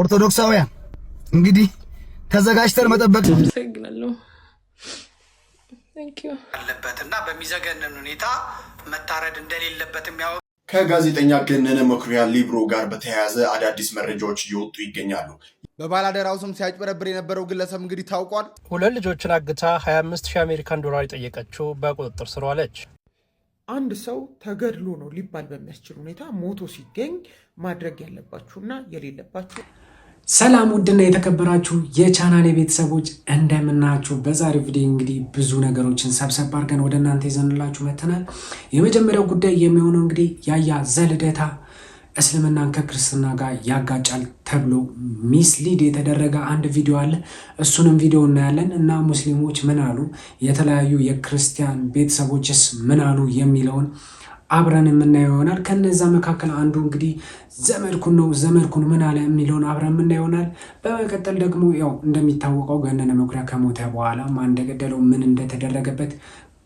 ኦርቶዶክሳውያን እንግዲህ ተዘጋጅተን መጠበቅ አለበትና በሚዘገንን ሁኔታ መታረድ እንደሌለበት የሚያወ ከጋዜጠኛ ገነነ መኩሪያ ሊብሮ ጋር በተያያዘ አዳዲስ መረጃዎች እየወጡ ይገኛሉ። በባላደራው ስም ሲያጭበረብር የነበረው ግለሰብ እንግዲህ ታውቋል። ሁለት ልጆችን አግታ 25 ሺህ አሜሪካን ዶላር የጠየቀችው በቁጥጥር ስር ዋለች። አንድ ሰው ተገድሎ ነው ሊባል በሚያስችል ሁኔታ ሞቶ ሲገኝ ማድረግ ያለባችሁና የሌለባችሁ ሰላም ውድና የተከበራችሁ የቻናሌ ቤተሰቦች እንደምናችሁ። በዛሬው ቪዲዮ እንግዲህ ብዙ ነገሮችን ሰብሰብ አድርገን ወደ እናንተ ይዘንላችሁ መተናል። የመጀመሪያው ጉዳይ የሚሆነው እንግዲህ ያያ ዘልደታ እስልምናን ከክርስትና ጋር ያጋጫል ተብሎ ሚስሊድ የተደረገ አንድ ቪዲዮ አለ። እሱንም ቪዲዮ እናያለን እና ሙስሊሞች ምን አሉ፣ የተለያዩ የክርስቲያን ቤተሰቦችስ ምን አሉ የሚለውን አብረን የምናየው ይሆናል። ከነዛ መካከል አንዱ እንግዲህ ዘመድኩን ነው ዘመድኩን ምን አለ የሚለውን አብረን የምናየው ይሆናል። በመቀጠል ደግሞ ያው እንደሚታወቀው ገነነ መኩሪያ ከሞተ በኋላ ማን እንደገደለው ምን እንደተደረገበት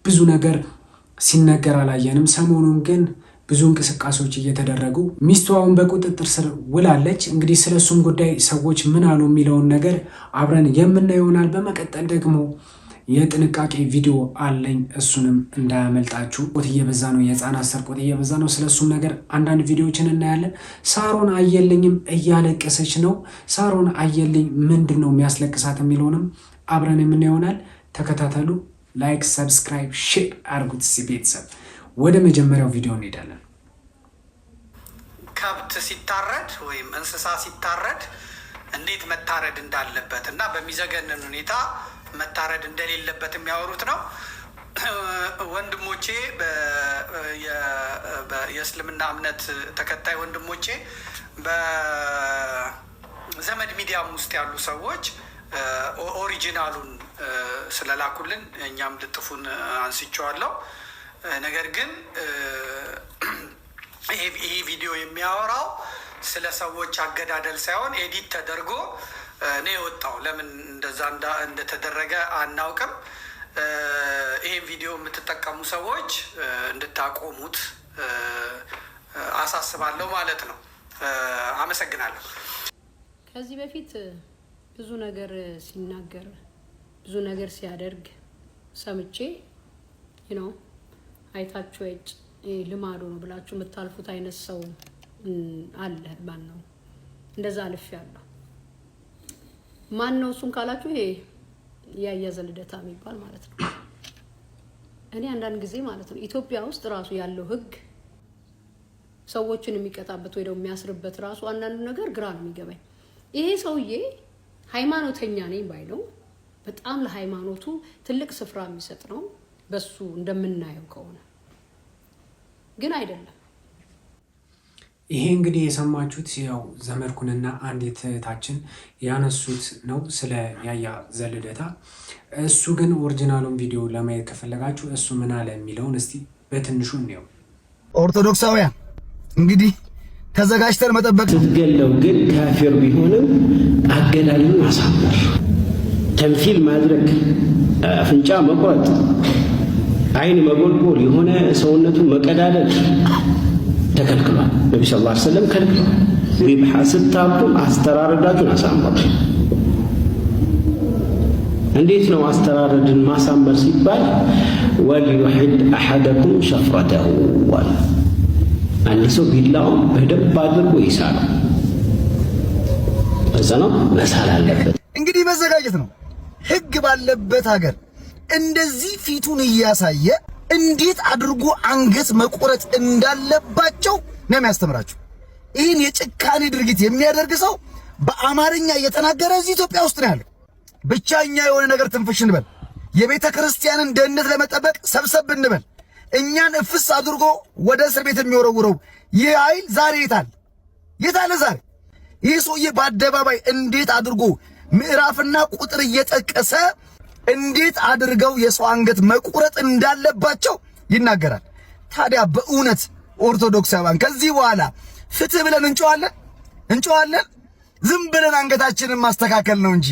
ብዙ ነገር ሲነገር አላየንም። ሰሞኑን ግን ብዙ እንቅስቃሴዎች እየተደረጉ ሚስቱ አሁን በቁጥጥር ስር ውላለች። እንግዲህ ስለ እሱም ጉዳይ ሰዎች ምን አሉ የሚለውን ነገር አብረን የምናየው ይሆናል። በመቀጠል ደግሞ የጥንቃቄ ቪዲዮ አለኝ እሱንም እንዳያመልጣችሁ። ቁጥ እየበዛ ነው፣ የህፃናት ስርቆት እየበዛ ነው። ስለሱም ነገር አንዳንድ ቪዲዮዎችን እናያለን። ሳሮን አየልኝም እያለቀሰች ነው። ሳሮን አየልኝ ምንድን ነው የሚያስለቅሳት የሚለውንም አብረን የምን ይሆናል። ተከታተሉ። ላይክ፣ ሰብስክራይብ፣ ሼር አድርጉት። ሲ ቤተሰብ ወደ መጀመሪያው ቪዲዮ እንሄዳለን። ከብት ሲታረድ ወይም እንስሳ ሲታረድ እንዴት መታረድ እንዳለበት እና በሚዘገንን ሁኔታ መታረድ እንደሌለበት የሚያወሩት ነው። ወንድሞቼ የእስልምና እምነት ተከታይ ወንድሞቼ በዘመድ ሚዲያም ውስጥ ያሉ ሰዎች ኦሪጂናሉን ስለላኩልን እኛም ልጥፉን አንስቼዋለሁ። ነገር ግን ይህ ቪዲዮ የሚያወራው ስለ ሰዎች አገዳደል ሳይሆን ኤዲት ተደርጎ እኔ የወጣው ለምን እንደዛ እንደተደረገ አናውቅም። ይህን ቪዲዮ የምትጠቀሙ ሰዎች እንድታቆሙት አሳስባለሁ ማለት ነው። አመሰግናለሁ። ከዚህ በፊት ብዙ ነገር ሲናገር ብዙ ነገር ሲያደርግ ሰምቼ ነው አይታችሁ ወጭ ልማዱ ነው ብላችሁ የምታልፉት አይነት ሰው አለ። ማን ነው እንደዛ አልፍ ያለው ማን ነው እሱን ካላችሁ ይሄ ያያዘ ልደታ የሚባል ማለት ነው። እኔ አንዳንድ ጊዜ ማለት ነው ኢትዮጵያ ውስጥ ራሱ ያለው ህግ ሰዎችን የሚቀጣበት ወይ ደግሞ የሚያስርበት ራሱ አንዳንዱ ነገር ግራ ነው የሚገባኝ። ይሄ ሰውዬ ሃይማኖተኛ ነኝ ባይ ነው። በጣም ለሃይማኖቱ ትልቅ ስፍራ የሚሰጥ ነው በሱ እንደምናየው ከሆነ ግን አይደለም ይሄ እንግዲህ የሰማችሁት ያው ዘመድኩንና አንድ እህታችን ያነሱት ነው ስለ ያያ ዘልደታ። እሱ ግን ኦሪጂናሉን ቪዲዮ ለማየት ከፈለጋችሁ እሱ ምን አለ የሚለውን እስቲ በትንሹ እንየው። ኦርቶዶክሳውያን እንግዲህ ተዘጋጅተን መጠበቅ ስትገለው ግን ካፊር ቢሆንም አገዳሉን ማሳመር፣ ተንፊል ማድረግ፣ አፍንጫ መቁረጥ፣ አይን መጎልጎል፣ የሆነ ሰውነቱን መቀዳደል ተከልክሏል። ነቢ ስ ላ ሰለም ከልክሏል። ሪብሓ ስታጡም አስተራረዳችሁን አሳምሩ። እንዴት ነው አስተራረድን ማሳመር ሲባል ወልዩሕድ አሐደኩም ሸፍረተሁ ዋል አንድ ሰው ቢላውም በደንብ አድርጎ ይሳለው። እዛ ነው መሳል አለበት። እንግዲህ መዘጋጀት ነው። ህግ ባለበት ሀገር እንደዚህ ፊቱን እያሳየ እንዴት አድርጎ አንገት መቆረጥ እንዳለባቸው ነው የሚያስተምራቸው። ይህን የጭካኔ ድርጊት የሚያደርግ ሰው በአማርኛ እየተናገረ እዚህ ኢትዮጵያ ውስጥ ነው ያለው። ብቻ እኛ የሆነ ነገር ትንፍሽ እንበል፣ የቤተ ክርስቲያንን ደህንነት ለመጠበቅ ሰብሰብ እንበል። እኛን እፍስ አድርጎ ወደ እስር ቤት የሚወረውረው ይህ ኃይል ዛሬ የታለ? የታለ ዛሬ? ይህ ሰውዬ በአደባባይ እንዴት አድርጎ ምዕራፍና ቁጥር እየጠቀሰ እንዴት አድርገው የሰው አንገት መቁረጥ እንዳለባቸው ይናገራል። ታዲያ በእውነት ኦርቶዶክሳውያን ከዚህ በኋላ ፍትህ ብለን እንጮዋለን እንጮዋለን? ዝም ብለን አንገታችንን ማስተካከል ነው እንጂ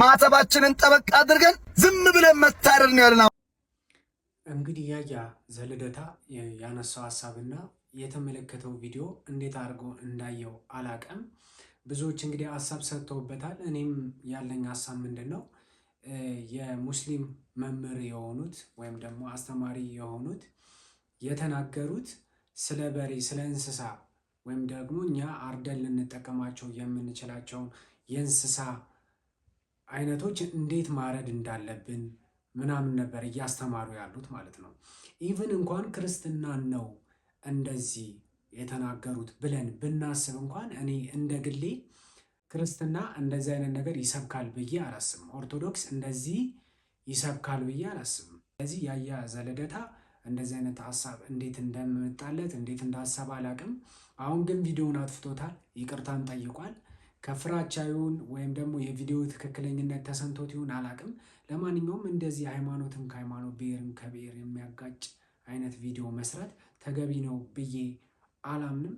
ማተባችንን ጠበቅ አድርገን ዝም ብለን መታረድ ነው ያለን። እንግዲህ ያያ ዘልደታ ያነሳው ሀሳብና የተመለከተው ቪዲዮ እንዴት አድርጎ እንዳየው አላቀም። ብዙዎች እንግዲህ ሀሳብ ሰጥተውበታል። እኔም ያለኝ ሀሳብ ምንድን ነው የሙስሊም መምህር የሆኑት ወይም ደግሞ አስተማሪ የሆኑት የተናገሩት ስለ በሬ፣ ስለ እንስሳ ወይም ደግሞ እኛ አርደን ልንጠቀማቸው የምንችላቸውን የእንስሳ አይነቶች እንዴት ማረድ እንዳለብን ምናምን ነበር እያስተማሩ ያሉት ማለት ነው። ኢቭን እንኳን ክርስትናን ነው እንደዚህ የተናገሩት ብለን ብናስብ እንኳን እኔ እንደ ግሌ ክርስትና እንደዚህ አይነት ነገር ይሰብካል ብዬ አላስብም። ኦርቶዶክስ እንደዚህ ይሰብካል ብዬ አላስብም። ስለዚህ ያያ ልደታ እንደዚህ አይነት ሀሳብ እንዴት እንደምመጣለት እንዴት እንደ ሀሳብ አላቅም። አሁን ግን ቪዲዮውን አጥፍቶታል፣ ይቅርታን ጠይቋል። ከፍራቻ ይሁን ወይም ደግሞ የቪዲዮ ትክክለኝነት ተሰንቶት ይሁን አላቅም። ለማንኛውም እንደዚህ ሃይማኖትም ከሃይማኖት ብሔርም ከብሔር የሚያጋጭ አይነት ቪዲዮ መስራት ተገቢ ነው ብዬ አላምንም።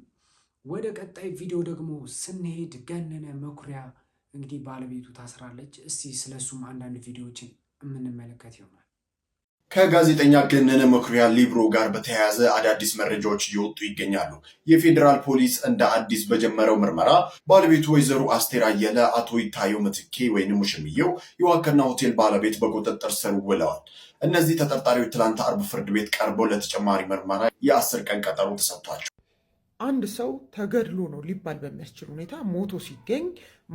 ወደ ቀጣይ ቪዲዮ ደግሞ ስንሄድ ገነነ መኩሪያ እንግዲህ ባለቤቱ ታስራለች። እስቲ ስለሱም አንዳንድ ቪዲዮዎችን የምንመለከት ይሆናል። ከጋዜጠኛ ገነነ መኩሪያ ሊብሮ ጋር በተያያዘ አዳዲስ መረጃዎች እየወጡ ይገኛሉ። የፌዴራል ፖሊስ እንደ አዲስ በጀመረው ምርመራ ባለቤቱ ወይዘሮ አስቴር አየለ አቶ ይታየው ምትኬ ወይንም ውሽምየው የዋከና ሆቴል ባለቤት በቁጥጥር ስር ውለዋል። እነዚህ ተጠርጣሪዎች ትላንት አርብ ፍርድ ቤት ቀርበው ለተጨማሪ ምርመራ የአስር ቀን ቀጠሮ ተሰጥቷቸው አንድ ሰው ተገድሎ ነው ሊባል በሚያስችል ሁኔታ ሞቶ ሲገኝ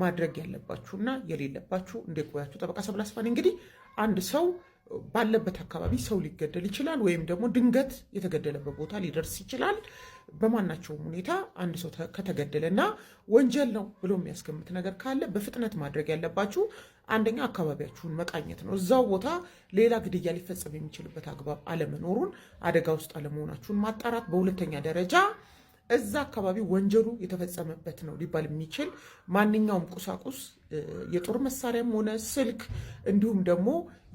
ማድረግ ያለባችሁና የሌለባችሁ እንደቆያችሁ ጠበቃ ሰብለ አስፋኔ እንግዲህ አንድ ሰው ባለበት አካባቢ ሰው ሊገደል ይችላል፣ ወይም ደግሞ ድንገት የተገደለበት ቦታ ሊደርስ ይችላል። በማናቸውም ሁኔታ አንድ ሰው ከተገደለ እና ወንጀል ነው ብሎ የሚያስገምት ነገር ካለ በፍጥነት ማድረግ ያለባችሁ አንደኛ አካባቢያችሁን መቃኘት ነው። እዛው ቦታ ሌላ ግድያ ሊፈጸም የሚችልበት አግባብ አለመኖሩን፣ አደጋ ውስጥ አለመሆናችሁን ማጣራት፣ በሁለተኛ ደረጃ እዛ አካባቢ ወንጀሉ የተፈጸመበት ነው ሊባል የሚችል ማንኛውም ቁሳቁስ የጦር መሳሪያም ሆነ ስልክ እንዲሁም ደግሞ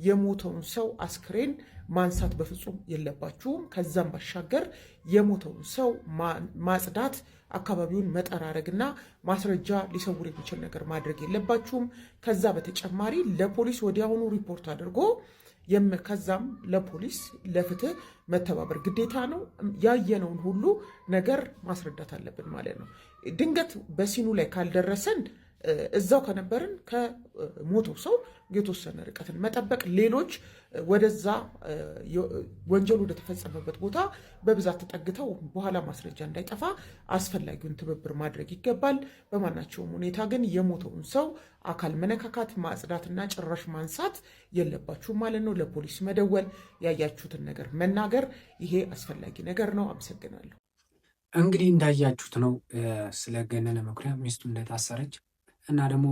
የሞተውን ሰው አስክሬን ማንሳት በፍጹም የለባችሁም። ከዛም ባሻገር የሞተውን ሰው ማጽዳት፣ አካባቢውን መጠራረግና ማስረጃ ሊሰውር የሚችል ነገር ማድረግ የለባችሁም። ከዛ በተጨማሪ ለፖሊስ ወዲያውኑ ሪፖርት አድርጎ ከዛም ለፖሊስ ለፍትህ መተባበር ግዴታ ነው። ያየነውን ሁሉ ነገር ማስረዳት አለብን ማለት ነው። ድንገት በሲኑ ላይ ካልደረሰን እዛው ከነበርን ከሞተው ሰው የተወሰነ ርቀትን መጠበቅ፣ ሌሎች ወደዛ ወንጀሉ ወደተፈጸመበት ቦታ በብዛት ተጠግተው በኋላ ማስረጃ እንዳይጠፋ አስፈላጊውን ትብብር ማድረግ ይገባል። በማናቸውም ሁኔታ ግን የሞተውን ሰው አካል መነካካት፣ ማጽዳትና ጭራሽ ማንሳት የለባችሁም ማለት ነው። ለፖሊስ መደወል፣ ያያችሁትን ነገር መናገር፣ ይሄ አስፈላጊ ነገር ነው። አመሰግናለሁ። እንግዲህ እንዳያችሁት ነው ስለ ገነነ መኩሪያ ሚስቱ እንደታሰረች እና ደግሞ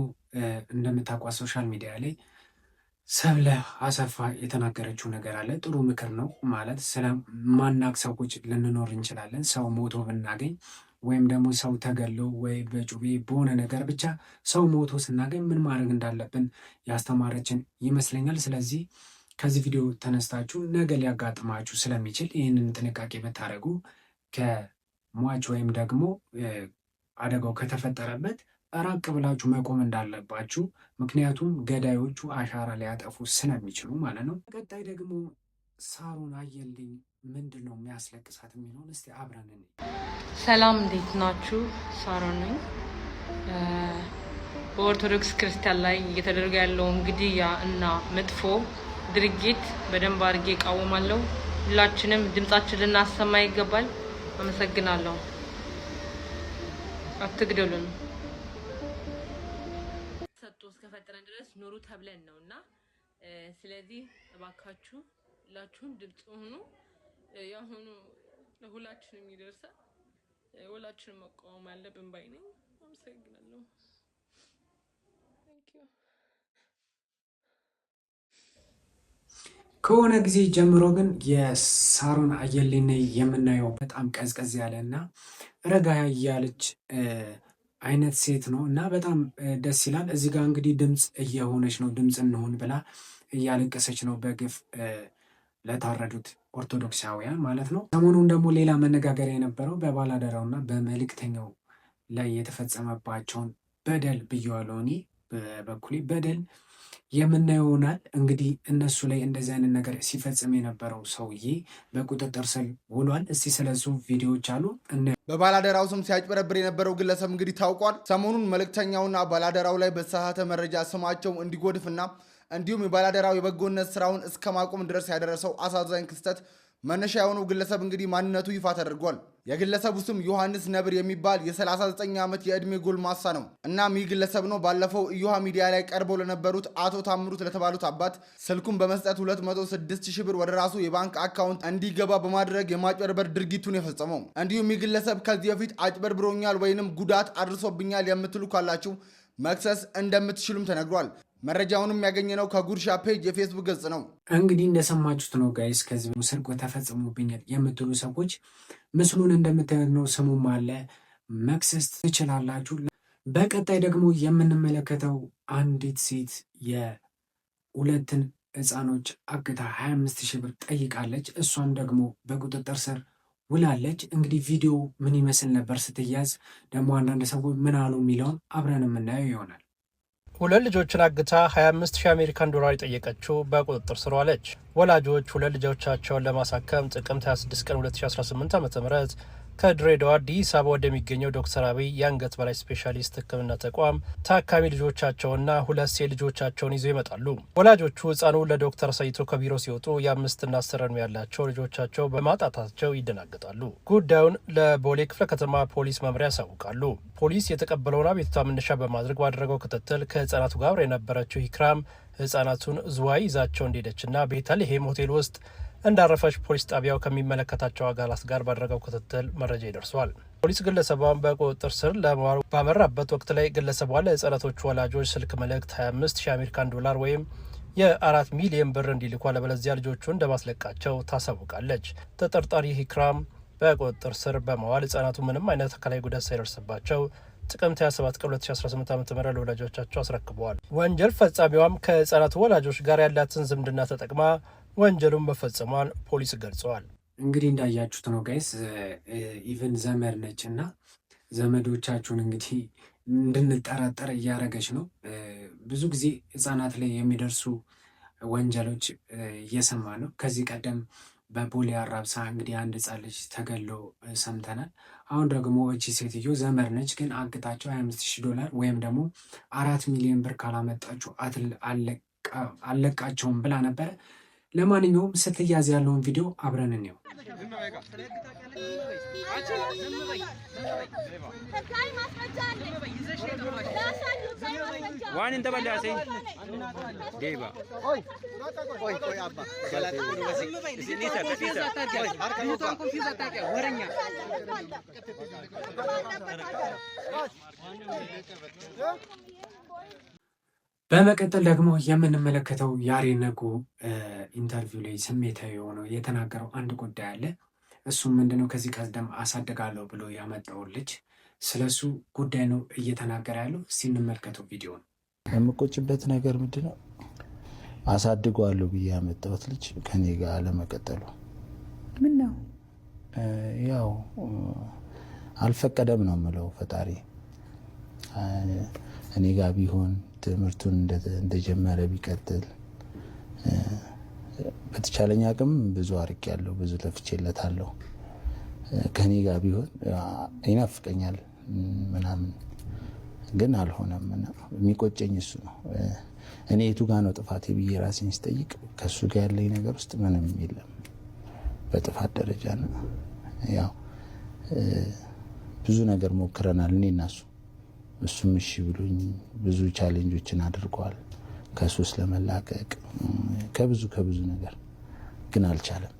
እንደምታውቋት ሶሻል ሚዲያ ላይ ሰብለ አሰፋ የተናገረችው ነገር አለ። ጥሩ ምክር ነው ማለት ስለማናቅ ሰዎች ልንኖር እንችላለን። ሰው ሞቶ ብናገኝ ወይም ደግሞ ሰው ተገሎ ወይ በጩቤ በሆነ ነገር ብቻ ሰው ሞቶ ስናገኝ ምን ማድረግ እንዳለብን ያስተማረችን ይመስለኛል። ስለዚህ ከዚህ ቪዲዮ ተነስታችሁ ነገ ሊያጋጥማችሁ ስለሚችል ይህንን ጥንቃቄ ብታደረጉ ከሟች ወይም ደግሞ አደጋው ከተፈጠረበት ራቅ ብላችሁ መቆም እንዳለባችሁ፣ ምክንያቱም ገዳዮቹ አሻራ ሊያጠፉ ስለሚችሉ ማለት ነው። ቀጣይ ደግሞ ሳሩን አየልኝ ምንድን ነው የሚያስለቅሳት የሚለውን እስቲ አብረን። ሰላም እንዴት ናችሁ? ሳሩን ነኝ። በኦርቶዶክስ ክርስቲያን ላይ እየተደረገ ያለውን ግድያ እና መጥፎ ድርጊት በደንብ አድርጌ እቃወማለሁ። ሁላችንም ድምጻችን ልናሰማ ይገባል። አመሰግናለሁ። አትግደሉን። ክርስቶስ እስከፈጠረን ድረስ ኑሩ ተብለን ነው እና ስለዚህ እባካችሁ ሁላችሁም ድምፅ ሁኑ። የአሁኑ ለሁላችንም ይደርሳል። ሁላችንም መቃወም አለብን ባይ ነኝ። አመሰግናለሁ። ከሆነ ጊዜ ጀምሮ ግን የሳሮን አየሌን የምናየው በጣም ቀዝቀዝ ያለ እና ረጋ ያለች አይነት ሴት ነው እና በጣም ደስ ይላል። እዚህ ጋር እንግዲህ ድምፅ እየሆነች ነው፣ ድምፅ እንሆን ብላ እያለቀሰች ነው በግፍ ለታረዱት ኦርቶዶክሳውያን ማለት ነው። ሰሞኑን ደግሞ ሌላ መነጋገሪያ የነበረው በባላደራውና በመልእክተኛው ላይ የተፈጸመባቸውን በደል ብየዋለሁ እኔ በበኩሌ በደል የምናየው ይሆናል። እንግዲህ እነሱ ላይ እንደዚህ አይነት ነገር ሲፈጽም የነበረው ሰውዬ በቁጥጥር ስር ውሏል። እስቲ ስለሱ ቪዲዮዎች አሉ። በባላደራው ስም ሲያጭበረብር የነበረው ግለሰብ እንግዲህ ታውቋል። ሰሞኑን መልእክተኛውና ባላደራው ላይ በተሳሳተ መረጃ ስማቸው እንዲጎድፍና እንዲሁም የባላደራው የበጎነት ስራውን እስከ ማቆም ድረስ ያደረሰው አሳዛኝ ክስተት መነሻ የሆነው ግለሰብ እንግዲህ ማንነቱ ይፋ ተደርጓል። የግለሰቡ ስም ዮሐንስ ነብር የሚባል የ39 ዓመት የዕድሜ ጎልማሳ ነው። እናም ይህ ግለሰብ ነው ባለፈው እዮሃ ሚዲያ ላይ ቀርበው ለነበሩት አቶ ታምሩት ለተባሉት አባት ስልኩን በመስጠት 206 ሺህ ብር ወደ ራሱ የባንክ አካውንት እንዲገባ በማድረግ የማጭበርበር ድርጊቱን የፈጸመው። እንዲሁም ይህ ግለሰብ ከዚህ በፊት አጭበርብሮኛል ወይንም ጉዳት አድርሶብኛል የምትሉ ካላችሁ መክሰስ እንደምትችሉም ተነግሯል። መረጃውንም ያገኘነው ከጉርሻ ፔጅ የፌስቡክ ገጽ ነው። እንግዲህ እንደሰማችሁት ነው ጋይስ። ከዚህ ስርቆ ተፈጽሞብኛል የምትሉ ሰዎች ምስሉን እንደምታዩት ነው። ስሙም አለ መክሰስ ትችላላችሁ። በቀጣይ ደግሞ የምንመለከተው አንዲት ሴት የሁለትን ህፃኖች አግታ 25 ሺህ ብር ጠይቃለች። እሷም ደግሞ በቁጥጥር ስር ውላለች። እንግዲህ ቪዲዮ ምን ይመስል ነበር ስትያዝ፣ ደግሞ አንዳንድ ሰዎች ምን አሉ የሚለውን አብረን የምናየው ይሆናል። ሁለት ልጆችን አግታ 25 ሺህ አሜሪካን ዶላር የጠየቀችው በቁጥጥር ስር ዋለች። ወላጆች ሁለት ልጆቻቸውን ለማሳከም ጥቅምት 26 ቀን 2018 ዓ ም ከድሬዳዋ አዲስ አበባ ወደሚገኘው ዶክተር አብይ የአንገት በላይ ስፔሻሊስት ሕክምና ተቋም ታካሚ ልጆቻቸውና ሁለት ሴት ልጆቻቸውን ይዘው ይመጣሉ። ወላጆቹ ሕፃኑ ለዶክተር ሰይቶ ከቢሮ ሲወጡ የአምስትና አስር ዕድሜ ያላቸው ልጆቻቸው በማጣታቸው ይደናገጣሉ። ጉዳዩን ለቦሌ ክፍለ ከተማ ፖሊስ መምሪያ ያሳውቃሉ። ፖሊስ የተቀበለውን አቤቱታ መነሻ በማድረግ ባደረገው ክትትል ከሕፃናቱ ጋር የነበረችው ሂክራም ሕፃናቱን ዝዋይ ይዛቸው እንደሄደችና ቤተልሔም ሆቴል ውስጥ እንዳረፈች ፖሊስ ጣቢያው ከሚመለከታቸው አካላት ጋር ባደረገው ክትትል መረጃ ይደርሷል። ፖሊስ ግለሰቧን በቁጥጥር ስር ለማዋል ባመራበት ወቅት ላይ ግለሰቧ ለሕጻናቶቹ ወላጆች ስልክ መልእክት 25 ሺህ አሜሪካን ዶላር ወይም የአራት ሚሊዮን ብር እንዲልኳ ለበለዚያ ልጆቹ እንደማስለቃቸው ታሳውቃለች። ተጠርጣሪ ሂክራም በቁጥጥር ስር በመዋል ህጻናቱ ምንም አይነት አካላዊ ጉዳት ሳይደርስባቸው ጥቅምት 27 ቀን 2018 ዓ ም ለወላጆቻቸው አስረክበዋል። ወንጀል ፈጻሚዋም ከህጻናቱ ወላጆች ጋር ያላትን ዝምድና ተጠቅማ ወንጀሉን መፈጸሟን ፖሊስ ገልጸዋል። እንግዲህ እንዳያችሁት ነው ጋይስ፣ ኢቨን ዘመድ ነች እና ዘመዶቻችሁን እንግዲህ እንድንጠራጠር እያደረገች ነው። ብዙ ጊዜ ህጻናት ላይ የሚደርሱ ወንጀሎች እየሰማ ነው። ከዚህ ቀደም በቦሌ አራብሳ እንግዲህ አንድ ህጻን ልጅ ተገሎ ሰምተናል። አሁን ደግሞ እቺ ሴትዮ ዘመድ ነች፣ ግን አግታቸው 25 ዶላር ወይም ደግሞ አራት ሚሊዮን ብር ካላመጣችሁ አለቃቸውም ብላ ነበረ። ለማንኛውም ስትያዝ ያለውን ቪዲዮ አብረን እንየው። በመቀጠል ደግሞ የምንመለከተው ያሬድ ነጉ ኢንተርቪው ላይ ስሜታዊ የሆነው የተናገረው አንድ ጉዳይ አለ። እሱም ምንድነው ከዚህ ቀደም አሳድጋለሁ ብሎ ያመጣው ልጅ ስለሱ ጉዳይ ነው እየተናገረ ያለው። እስቲ እንመልከተው ነው የምቆጭበት ነገር ምንድነው አሳድገዋለሁ ብዬ ያመጣሁት ልጅ ከኔ ጋር አለመቀጠሉ። ምን ነው ያው አልፈቀደም ነው የምለው ፈጣሪ እኔ ጋር ቢሆን ትምህርቱን እንደጀመረ ቢቀጥል በተቻለኝ አቅም ብዙ አርቅ ያለው ብዙ ለፍቼለት አለው ከኔ ጋር ቢሆን ይናፍቀኛል ምናምን ግን አልሆነም። እና የሚቆጨኝ እሱ ነው። እኔ የቱ ጋ ነው ጥፋቴ ብዬ ራሴን ስጠይቅ ከእሱ ጋር ያለኝ ነገር ውስጥ ምንም የለም በጥፋት ደረጃ። ያው ብዙ ነገር ሞክረናል እኔ እና እሱ እሱም እሺ ብሎኝ ብዙ ቻሌንጆችን አድርጓል። ከሱስ ለመላቀቅ ከብዙ ከብዙ ነገር ግን አልቻለም።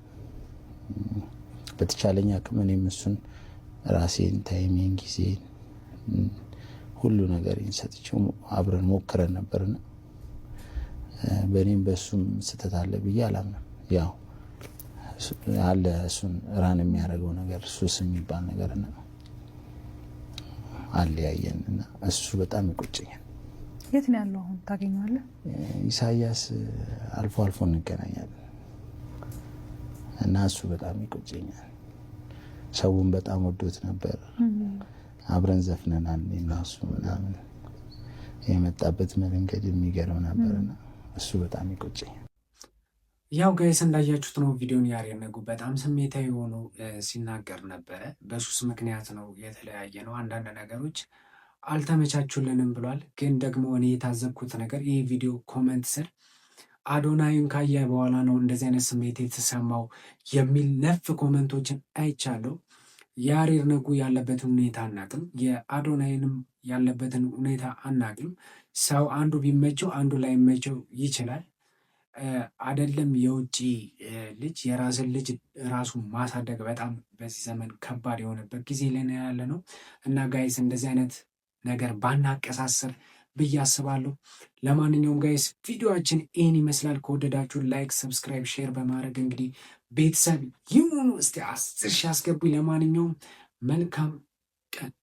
በተቻለኝ አቅም እኔም እሱን ራሴን ታይሜን ጊዜን ሁሉ ነገር ሰጥቼው አብረን ሞክረን ነበርና በእኔም በእሱም ስህተት አለ ብዬ አላምንም። ያው አለ እሱን ራን የሚያደርገው ነገር ሱስ የሚባል ነገር ነው። አለያየን እና እሱ በጣም ይቆጨኛል። የት ነው ያለው? አሁን ታገኘዋለህ? ኢሳያስ አልፎ አልፎ እንገናኛለን እና እሱ በጣም ይቆጨኛል። ሰውን በጣም ወዶት ነበር። አብረን ዘፍነናል እና ምናምን የመጣበት መንገድ የሚገርም ነበርና እሱ በጣም ይቆጨኛል። ያው ጋይስ እንዳያችሁት ነው ቪዲዮን ያሬነጉ በጣም ስሜታዊ የሆኑ ሲናገር ነበረ። በሱስ ምክንያት ነው የተለያየ ነው፣ አንዳንድ ነገሮች አልተመቻቹልንም ብሏል። ግን ደግሞ እኔ የታዘብኩት ነገር ይህ ቪዲዮ ኮመንት ስር አዶናይን ካየ በኋላ ነው እንደዚህ አይነት ስሜት የተሰማው የሚል ነፍ ኮመንቶችን አይቻለሁ። የአሬር ነጉ ያለበትን ሁኔታ አናቅም፣ የአዶናይንም ያለበትን ሁኔታ አናቅም። ሰው አንዱ ቢመቸው አንዱ ላይመቸው ይችላል። አደለም የውጭ ልጅ የራስን ልጅ ራሱ ማሳደግ በጣም በዚህ ዘመን ከባድ የሆነበት ጊዜ ላይ ነው ያለ ነው እና ጋይስ እንደዚህ አይነት ነገር ባናቀሳሰር ብዬ አስባለሁ። ለማንኛውም ጋይስ ቪዲዮችን ይህን ይመስላል። ከወደዳችሁ ላይክ፣ ሰብስክራይብ፣ ሼር በማድረግ እንግዲህ ቤተሰብ ይሁኑ። እስቲ አስር ሺ አስገቡኝ። ለማንኛውም መልካም ቀን